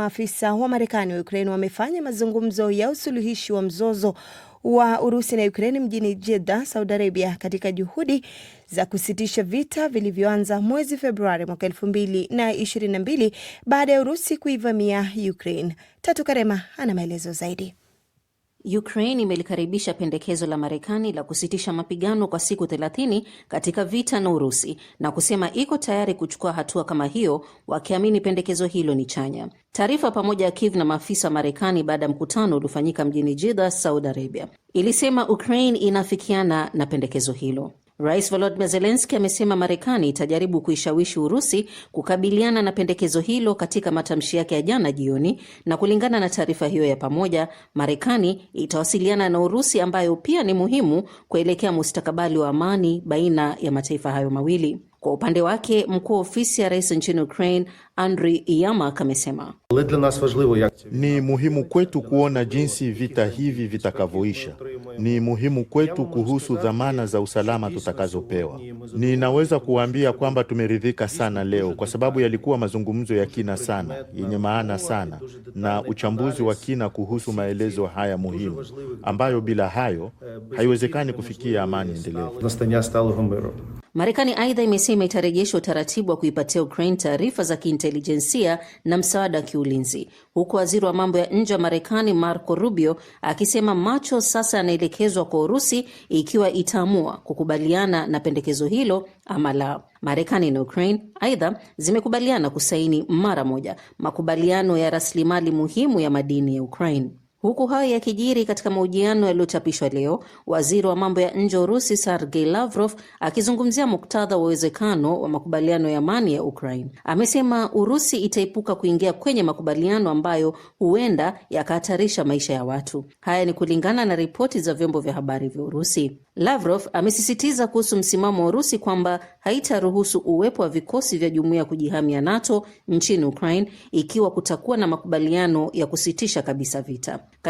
Maafisa wa Marekani wa Ukraine wamefanya mazungumzo ya usuluhishi wa mzozo wa Urusi na Ukraine mjini Jeddah, Saudi Arabia, katika juhudi za kusitisha vita vilivyoanza mwezi Februari mwaka mbili baada ya Urusi kuivamia Ukraine. Tatu Karema ana maelezo zaidi. Ukraine imelikaribisha pendekezo la Marekani la kusitisha mapigano kwa siku 30 katika vita na Urusi na kusema iko tayari kuchukua hatua kama hiyo, wakiamini pendekezo hilo ni chanya. Taarifa pamoja ya Kiev na maafisa wa Marekani baada ya mkutano uliofanyika mjini Jeddah, Saudi Arabia, ilisema Ukraine inafikiana na pendekezo hilo. Rais volodimir zelenski amesema Marekani itajaribu kuishawishi Urusi kukabiliana na pendekezo hilo katika matamshi yake ya jana jioni, na kulingana na taarifa hiyo ya pamoja, Marekani itawasiliana na Urusi ambayo pia ni muhimu kuelekea mustakabali wa amani baina ya mataifa hayo mawili. Kwa upande wake mkuu wa ofisi ya rais nchini Ukraine Andri yamak amesema ni muhimu kwetu kuona jinsi vita hivi vitakavyoisha. Ni muhimu kwetu kuhusu dhamana za usalama tutakazopewa. Ninaweza kuwaambia kwamba tumeridhika sana leo, kwa sababu yalikuwa mazungumzo ya kina sana, yenye maana sana, na uchambuzi wa kina kuhusu maelezo haya muhimu, ambayo bila hayo haiwezekani kufikia amani endelevu. Marekani aidha imesema itarejesha utaratibu wa kuipatia Ukraine taarifa za kiintelijensia na msaada wa kiulinzi, huku waziri wa mambo ya nje wa Marekani Marco Rubio akisema macho sasa yanaelekezwa kwa Urusi ikiwa itaamua kukubaliana na pendekezo hilo ama la. Marekani na Ukraine aidha zimekubaliana kusaini mara moja makubaliano ya rasilimali muhimu ya madini ya Ukraine. Huku hayo yakijiri, katika mahojiano yaliyochapishwa leo, waziri wa mambo ya nje wa Urusi Sergei Lavrov akizungumzia muktadha wa uwezekano wa makubaliano ya amani ya Ukraine amesema Urusi itaepuka kuingia kwenye makubaliano ambayo huenda yakahatarisha maisha ya watu. Haya ni kulingana na ripoti za vyombo vya habari vya Urusi. Lavrov amesisitiza kuhusu msimamo wa Urusi kwamba haitaruhusu uwepo wa vikosi vya jumuiya ya kujihami ya NATO nchini Ukraine ikiwa kutakuwa na makubaliano ya kusitisha kabisa vita.